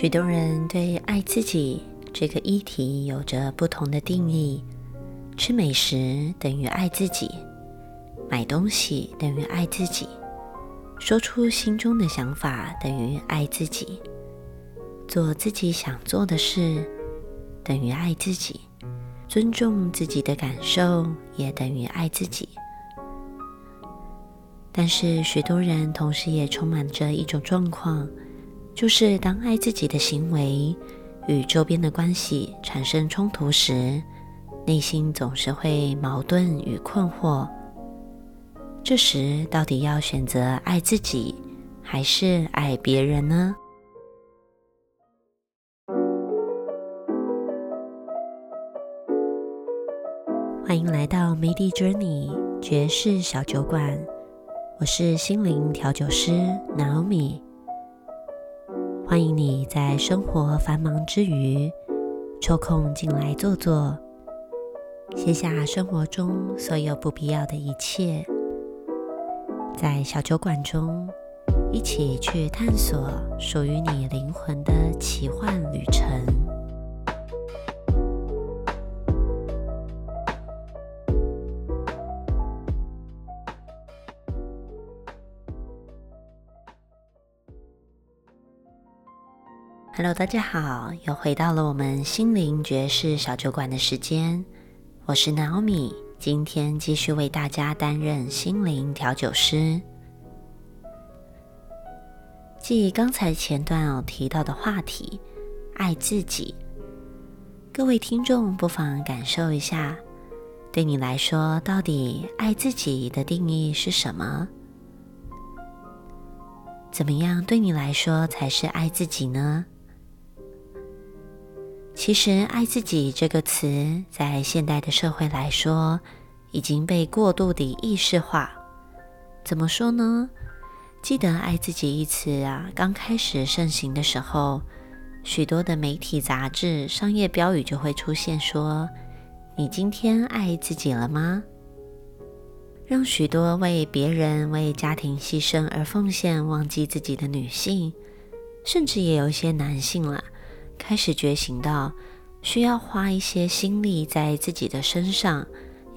許多人對“愛自己”這個議題有着不同的定義：吃美食等於愛自己，買東西等於愛自己，說出心中的想法等於愛自己，做自己想做的事等於愛自己，尊重自己的感受也等於愛自己。但是，許多人同時也充滿着一種狀況。就是當愛自己的行為與周邊的關係產生衝突時，內心總是會矛盾與困惑。這時，到底要選擇愛自己，還是愛別人呢？歡迎來到 Medi Journey 爵士小酒館，我是心靈調酒師 Naomi。歡迎你在生活繁忙之餘，抽空進來坐坐，卸下生活中所有不必要的一切，在小酒館中一起去探索屬於你靈魂的奇幻旅程。Hello，大家好，又回到了我們心靈爵士小酒館的時間。我是 Naomi，今天繼續為大家擔任心靈調酒師。繼剛才前段哦提到的話題，愛自己。各位聽眾不妨感受一下，對你來說到底愛自己的定義是什麼？怎麼樣對你來說才是愛自己呢？其實，“愛自己”這個詞在現代的社會來說，已經被過度的意識化。怎麼說呢？記得“愛自己”一詞啊，剛開始盛行的時候，許多的媒體、雜誌、商業標語就會出現，說：“你今天愛自己了嗎？”讓許多為別人、為家庭犧牲而奉獻、忘記自己的女性，甚至也有一些男性了啊。開始覺醒到需要花一些心力在自己的身上，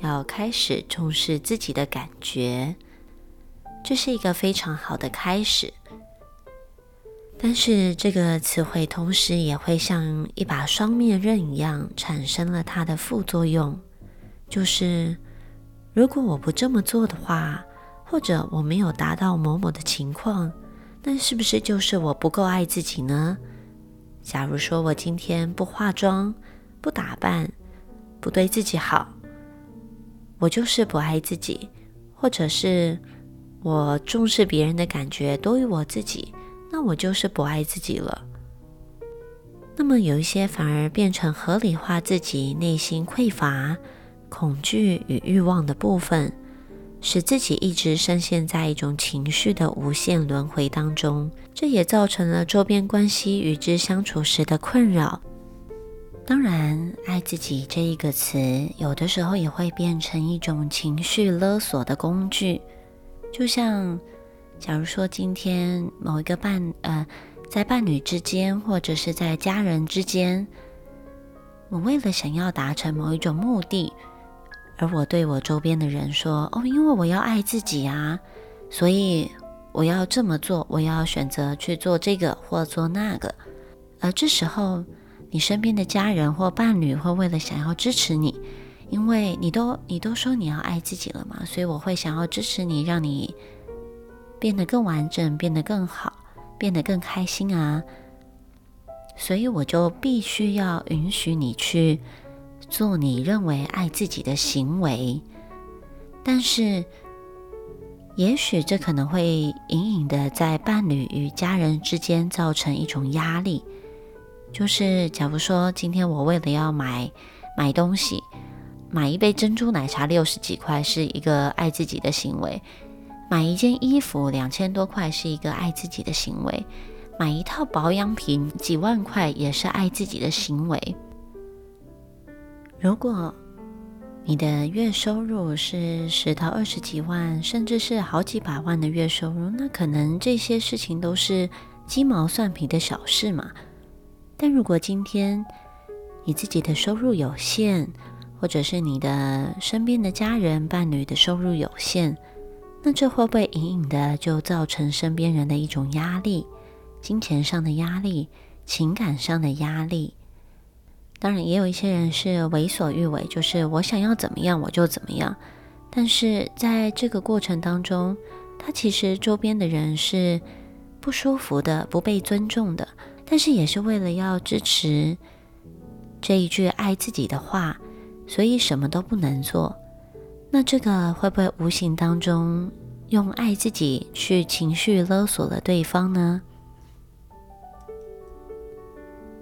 要開始重視自己的感覺，這是一個非常好的開始。但是這個詞彙同時也會像一把雙面刃一樣，產生了它的副作用，就是如果我不這麼做的話，或者我沒有達到某某的情況，那是不是就是我不夠愛自己呢？假如說我今天不化妝，不打扮，不對自己好，我就是不愛自己，或者是我重視別人的感覺多於我自己，那我就是不愛自己了。那麼有一些反而變成合理化自己內心匱乏、恐懼與欲望的部分。使自己一直深陷在一種情緒的無限輪回當中，這也造成了周邊關係與之相處時的困擾。當然，愛自己這一個詞，有的時候也會變成一種情緒勒索的工具。就像，假如說今天某一個伴，呃，在伴侶之間或者是在家人之間，我為了想要達成某一種目的。而我對我周邊的人說：“哦，因為我要愛自己啊，所以我要這麼做，我要選擇去做這個或做那個。”而這時候，你身邊的家人或伴侶會為了想要支持你，因為你都你都說你要愛自己了嘛，所以我會想要支持你，讓你變得更完整，變得更好，變得更開心啊。所以我就必須要允許你去。做你認為愛自己的行為，但是，也許這可能會隱隱的在伴侶與家人之間造成一種壓力。就是，假如說今天我為了要買買東西，買一杯珍珠奶茶六十幾塊是一個愛自己的行為；買一件衣服兩千多塊是一個愛自己的行為；買一套保養品幾萬塊也是愛自己的行為。如果你的月收入是十到二十幾萬，甚至是好幾百萬的月收入，那可能這些事情都是雞毛蒜皮的小事嘛。但如果今天你自己的收入有限，或者是你的身邊的家人、伴侶的收入有限，那這會不會隱隱的就造成身邊人的一種壓力，金錢上的壓力，情感上的壓力？當然也有一些人是為所欲為，就是我想要怎麼樣我就怎麼樣。但是在這個過程當中，他其實周邊的人是不舒服的、不被尊重的。但是也是為了要支持這一句愛自己的話，所以什麼都不能做。那這個會不會無形當中用愛自己去情緒勒索了對方呢？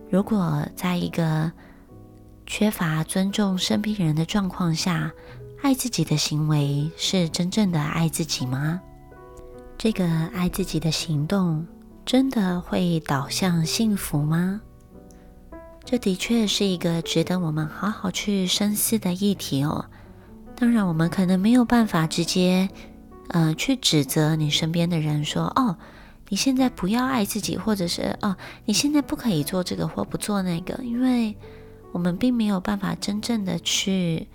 如果在一個。缺乏尊重身邊人的狀況下，愛自己的行為是真正的愛自己嗎？這個愛自己的行動真的會導向幸福嗎？這的確是一個值得我們好好去深思的議題哦。當然，我們可能沒有辦法直接，呃，去指責你身邊的人說：“哦，你現在不要愛自己，或者是哦，你現在不可以做這個或不做那個，因為……”我們並沒有辦法真正的去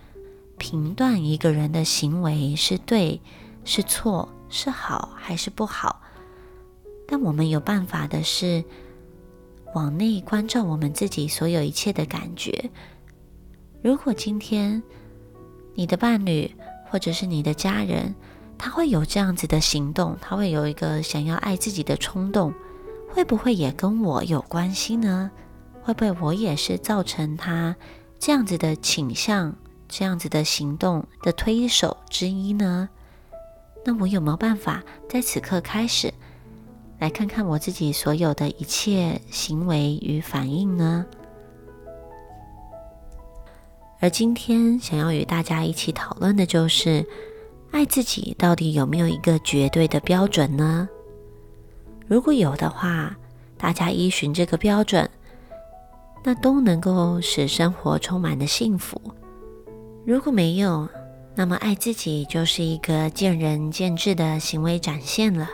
評斷一個人的行為是對是錯，是好還是不好，但我們有辦法的是往內觀照我們自己所有一切的感覺。如果今天你的伴侶或者是你的家人，他會有這樣子的行動，他會有一個想要愛自己的衝動，會不會也跟我有關係呢？會不會我也是造成他這樣子的傾向、這樣子的行動的推手之一呢？那我有沒有辦法在此刻開始來看看我自己所有的一切行為與反應呢？而今天想要與大家一起討論的就是：愛自己到底有沒有一個絕對的標準呢？如果有的話，大家依循這個標準。那都能夠使生活充滿的幸福。如果沒有，那麼愛自己就是一個見仁見智的行為展現了。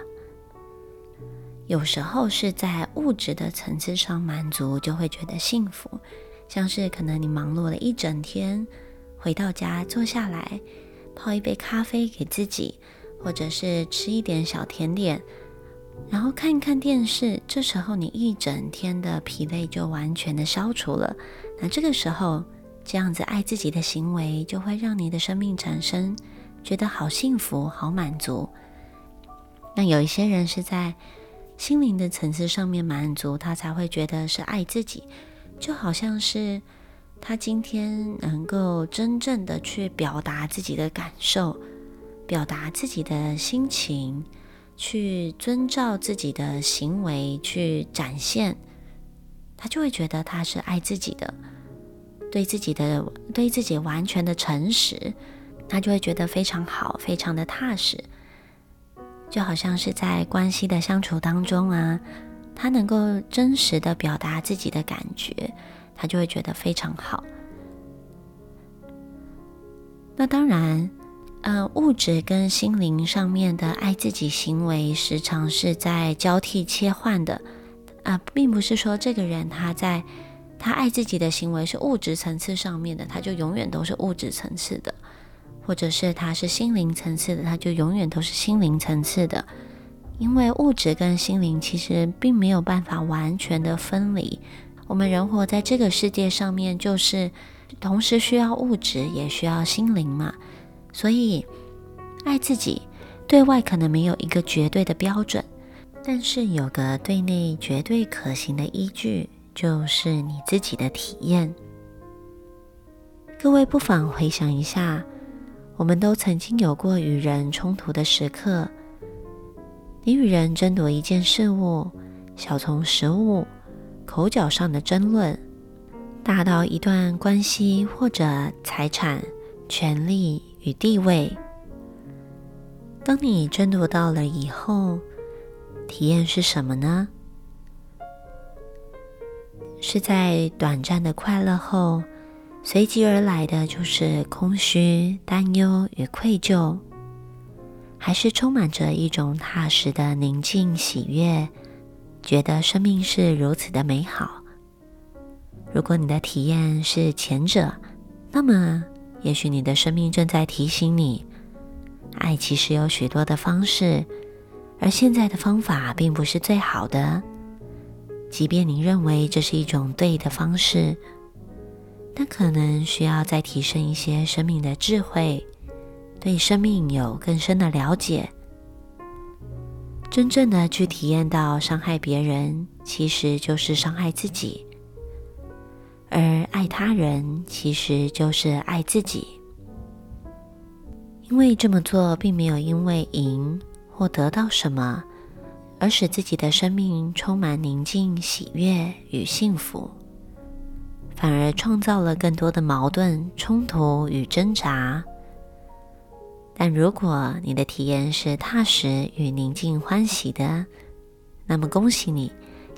有時候是在物質的層次上滿足，就會覺得幸福，像是可能你忙碌了一整天，回到家坐下來，泡一杯咖啡給自己，或者是吃一點小甜點。然後看一看電視，這時候你一整天的疲憊就完全的消除了。那這個時候，這樣子愛自己的行為就會讓你的生命產生覺得好幸福、好滿足。那有一些人是在心靈的層次上面滿足，他才會覺得是愛自己，就好像是他今天能夠真正的去表達自己的感受，表達自己的心情。去遵照自己的行為去展現，他就會覺得他是愛自己的，對自己的對自己完全的誠實，他就會覺得非常好，非常的踏實。就好像是在關係的相處當中啊，他能夠真實的表達自己的感覺，他就會覺得非常好。那當然，呃，物質跟心靈上面的愛自己行為，時常是在交替切換的。啊、呃，並不是說這個人他在他愛自己的行為是物質層次上面的，他就永遠都是物質層次的；或者是他是心靈層次的，他就永遠都是心靈層次的。因為物質跟心靈其實並沒有辦法完全的分離。我們人活在這個世界上面，就是同時需要物質，也需要心靈嘛。所以，愛自己，對外可能沒有一個絕對的標準，但是有個對內絕對可行的依據，就是你自己的體驗。各位不妨回想一下，我們都曾經有過與人衝突的時刻，你與人爭奪一件事物，小從食物、口角上的爭論，大到一段關係或者財產權利。與地位，當你爭奪到了以後，體驗是什麼呢？是在短暫的快樂後，隨即而來的就是空虛、擔憂與愧疚，還是充滿着一種踏實的寧靜喜悅，覺得生命是如此的美好？如果你的體驗是前者，那麼。也許你的生命正在提醒你，愛其實有許多的方式，而現在的方法並不是最好的。即便你認為這是一種對的方式，但可能需要再提升一些生命的智慧，對生命有更深的了解，真正的去體驗到傷害別人其實就是傷害自己。而愛他人其實就是愛自己，因為這麼做並沒有因為贏或得到什麼而使自己的生命充滿寧靜、喜悅與幸福，反而創造了更多的矛盾、衝突與掙扎。但如果你的體驗是踏實與寧靜歡喜的，那麼恭喜你，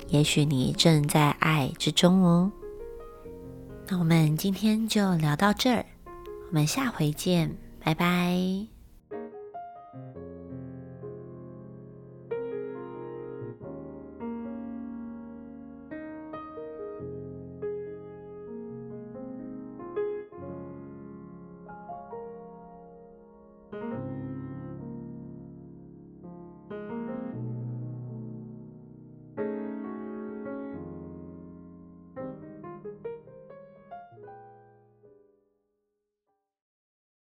也許你正在愛之中哦。那我們今天就聊到這兒，我們下回見，拜拜。